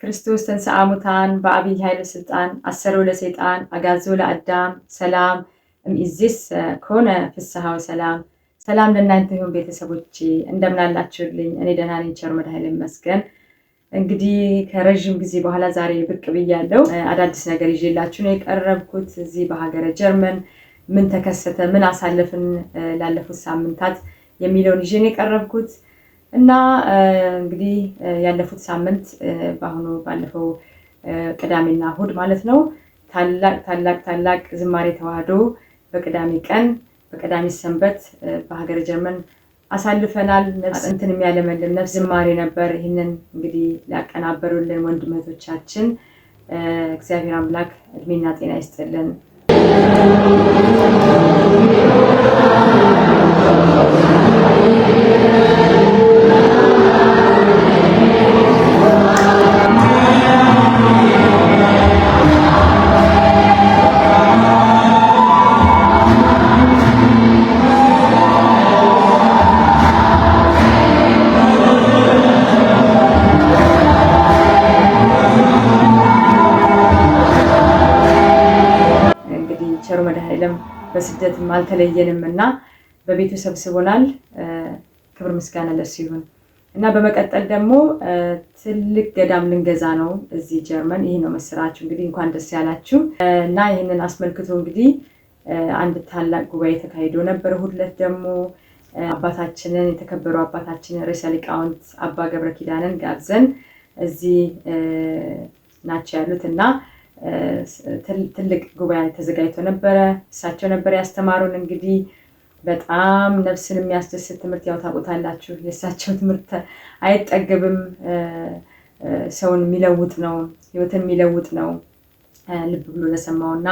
ክርስቶስ ተንሥአ እሙታን በአብይ ኃይል ስልጣን አሰሮ ለሰይጣን አጋዞ ለአዳም ሰላም እምይእዜሰ ኮነ ፍስሐ ሰላም ሰላም ለእናንተ ይሁን ቤተሰቦች እንደምናላችሁልኝ? እኔ ደህና ነኝ፣ ቸር መድኃኔዓለም ይመስገን። እንግዲህ ከረዥም ጊዜ በኋላ ዛሬ ብቅ ብያለሁ። አዳዲስ ነገር ይዤላችሁ ነው የቀረብኩት። እዚህ በሀገረ ጀርመን ምን ተከሰተ፣ ምን አሳለፍን ላለፉት ሳምንታት የሚለውን ይዤ ነው የቀረብኩት። እና እንግዲህ ያለፉት ሳምንት በአሁኑ ባለፈው ቅዳሜና እሁድ ማለት ነው ታላቅ ታላቅ ታላቅ ዝማሬ ተዋህዶ በቅዳሜ ቀን በቅዳሜ ሰንበት በሀገረ ጀርመን አሳልፈናል። እንትን የሚያለመልን ነፍስ ዝማሬ ነበር። ይህንን እንግዲህ ሊያቀናበሩልን ወንድመቶቻችን እግዚአብሔር አምላክ እድሜና ጤና ይስጥልን። በስደትም አልተለየንም እና በቤቱ ሰብስቦናል። ክብር ምስጋና ለሱ ይሁን እና በመቀጠል ደግሞ ትልቅ ገዳም ልንገዛ ነው እዚህ ጀርመን። ይህ ነው መስራችሁ እንግዲህ እንኳን ደስ ያላችሁ እና ይህንን አስመልክቶ እንግዲህ አንድ ታላቅ ጉባኤ ተካሂዶ ነበር። ሁለት ደግሞ አባታችንን የተከበሩ አባታችንን ርዕሰ ሊቃውንት አባ ገብረ ኪዳንን ጋብዘን እዚህ ናቸው ያሉት እና ትልቅ ጉባኤ ተዘጋጅቶ ነበረ። እሳቸው ነበር ያስተማሩን። እንግዲህ በጣም ነፍስን የሚያስደስት ትምህርት ያው ታውቁታላችሁ። የእሳቸው ትምህርት አይጠገብም። ሰውን የሚለውጥ ነው፣ ህይወትን የሚለውጥ ነው። ልብ ብሎ ለሰማው እና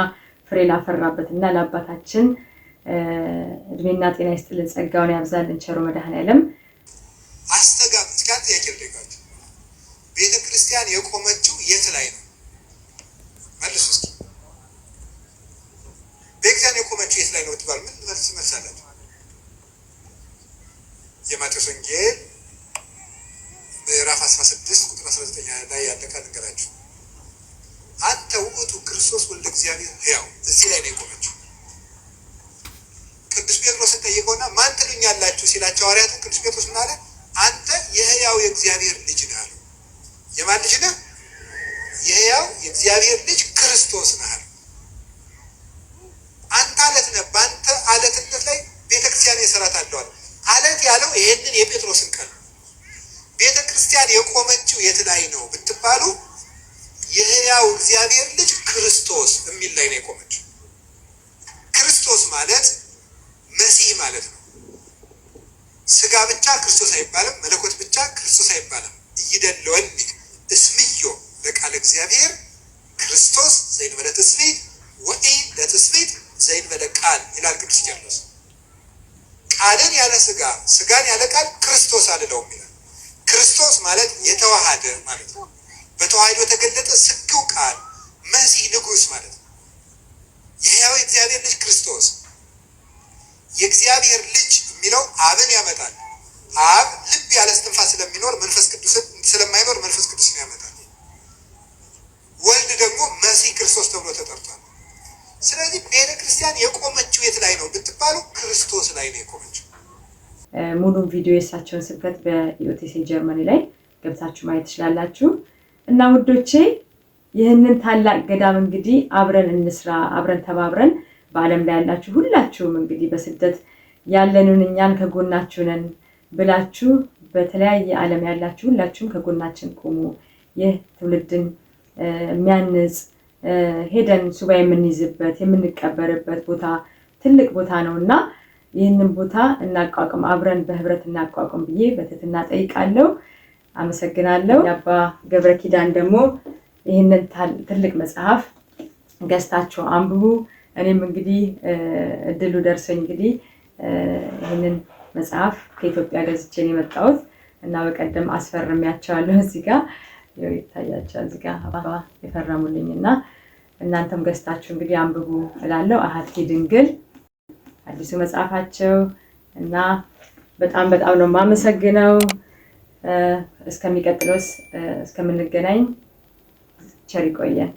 ፍሬ ላፈራበት እና ለአባታችን እድሜና ጤና ይስጥልን፣ ጸጋውን ያብዛልን፣ ቸሩ መድኃኔዓለም አስተጋብት ጋር ጥያቄ ቤተክርስቲያን የቆመችው የት ላይ ነው? የማቴዎስ ወንጌል ምዕራፍ 16 ቁጥር 19 ላይ ያለቃ ንገራችሁ አንተ ውእቱ ክርስቶስ ወልደ እግዚአብሔር ሕያው። እዚህ ላይ ነው የቆመችው። ቅዱስ ጴጥሮስ ጠይቀውና ማን ትሉኛላችሁ ሲላቸው ሐዋርያትን ቅዱስ ጴጥሮስ ምን አለ? አንተ የሕያው የእግዚአብሔር ልጅ ነህ አለ። የማን ልጅ ነህ? የሕያው የእግዚአብሔር ልጅ ክርስቶስ ነህ አለ። አንተ አለት ነህ፣ በአንተ አለትነት ላይ ቤተክርስቲያን የሰራት አለዋል ያለው ይህንን የጴጥሮስን ቃል ቤተ ክርስቲያን የቆመችው የት ላይ ነው ብትባሉ የህያው እግዚአብሔር ልጅ ክርስቶስ የሚል ላይ ነው የቆመችው። ክርስቶስ ማለት መሲህ ማለት ነው። ስጋ ብቻ ክርስቶስ አይባልም። መለኮት ብቻ ክርስቶስ አይባልም። እይደለወኒ እስምዮ ለቃለ እግዚአብሔር ክርስቶስ ዘይንበለ ትስብእት ወኢ ለትስብእት ዘይንበለ ቃል ይላል ቅዱስ ጳውሎስ። ቃልን ያለ ስጋ ስጋን ያለ ቃል ክርስቶስ አይደለውም ይላል። ክርስቶስ ማለት የተዋሃደ ማለት ነው። በተዋህዶ የተገለጠ ስግው ቃል መሲህ ንጉስ ማለት ነው። የሕያው እግዚአብሔር ልጅ ክርስቶስ የእግዚአብሔር ልጅ የሚለው አብን ያመጣል። አብ ልብ ያለ እስትንፋስ ስለሚኖር መንፈስ ቅዱስን ስለማይኖር መንፈስ ቅዱስን ያመጣል። ወልድ ደግሞ መሲህ ክርስቶስ ተብሎ ተጠርቷል። ስለዚህ ቤተክርስቲያን የቆመችው የት ላይ ነው ብትባሉ ክርስቶስ ላይ ነው የቆመችው። ሙሉም ቪዲዮ የእሳቸውን ስብከት በኢኦቴሴ ጀርመኒ ላይ ገብታችሁ ማየት ትችላላችሁ። እና ውዶቼ ይህንን ታላቅ ገዳም እንግዲህ አብረን እንስራ፣ አብረን ተባብረን በዓለም ላይ ያላችሁ ሁላችሁም እንግዲህ በስደት ያለንን እኛን ከጎናችሁ ነን ብላችሁ በተለያየ ዓለም ያላችሁ ሁላችሁም ከጎናችን ቁሙ። ይህ ትውልድን የሚያንጽ ሄደን ሱባ የምንይዝበት የምንቀበርበት ቦታ ትልቅ ቦታ ነው እና ይህንን ቦታ እናቋቁም፣ አብረን በህብረት እናቋቁም ብዬ በትህትና ጠይቃለሁ። አመሰግናለሁ። የአባ ገብረ ኪዳን ደግሞ ይህንን ትልቅ መጽሐፍ ገዝታችሁ አንብቡ። እኔም እንግዲህ እድሉ ደርሰኝ እንግዲህ ይህንን መጽሐፍ ከኢትዮጵያ ገዝቼን የመጣሁት እና በቀደም አስፈርሚያቸዋለሁ እዚህ ጋር ይታያቸዋል እዚህ ጋር አባ የፈረሙልኝ እና እናንተም ገዝታችሁ እንግዲህ አንብቡ እላለሁ። አሐቲ ድንግል አዲሱ መጽሐፋቸው እና በጣም በጣም ነው የማመሰግነው። እስከሚቀጥለውስ እስከምንገናኝ ቸር ይቆየን።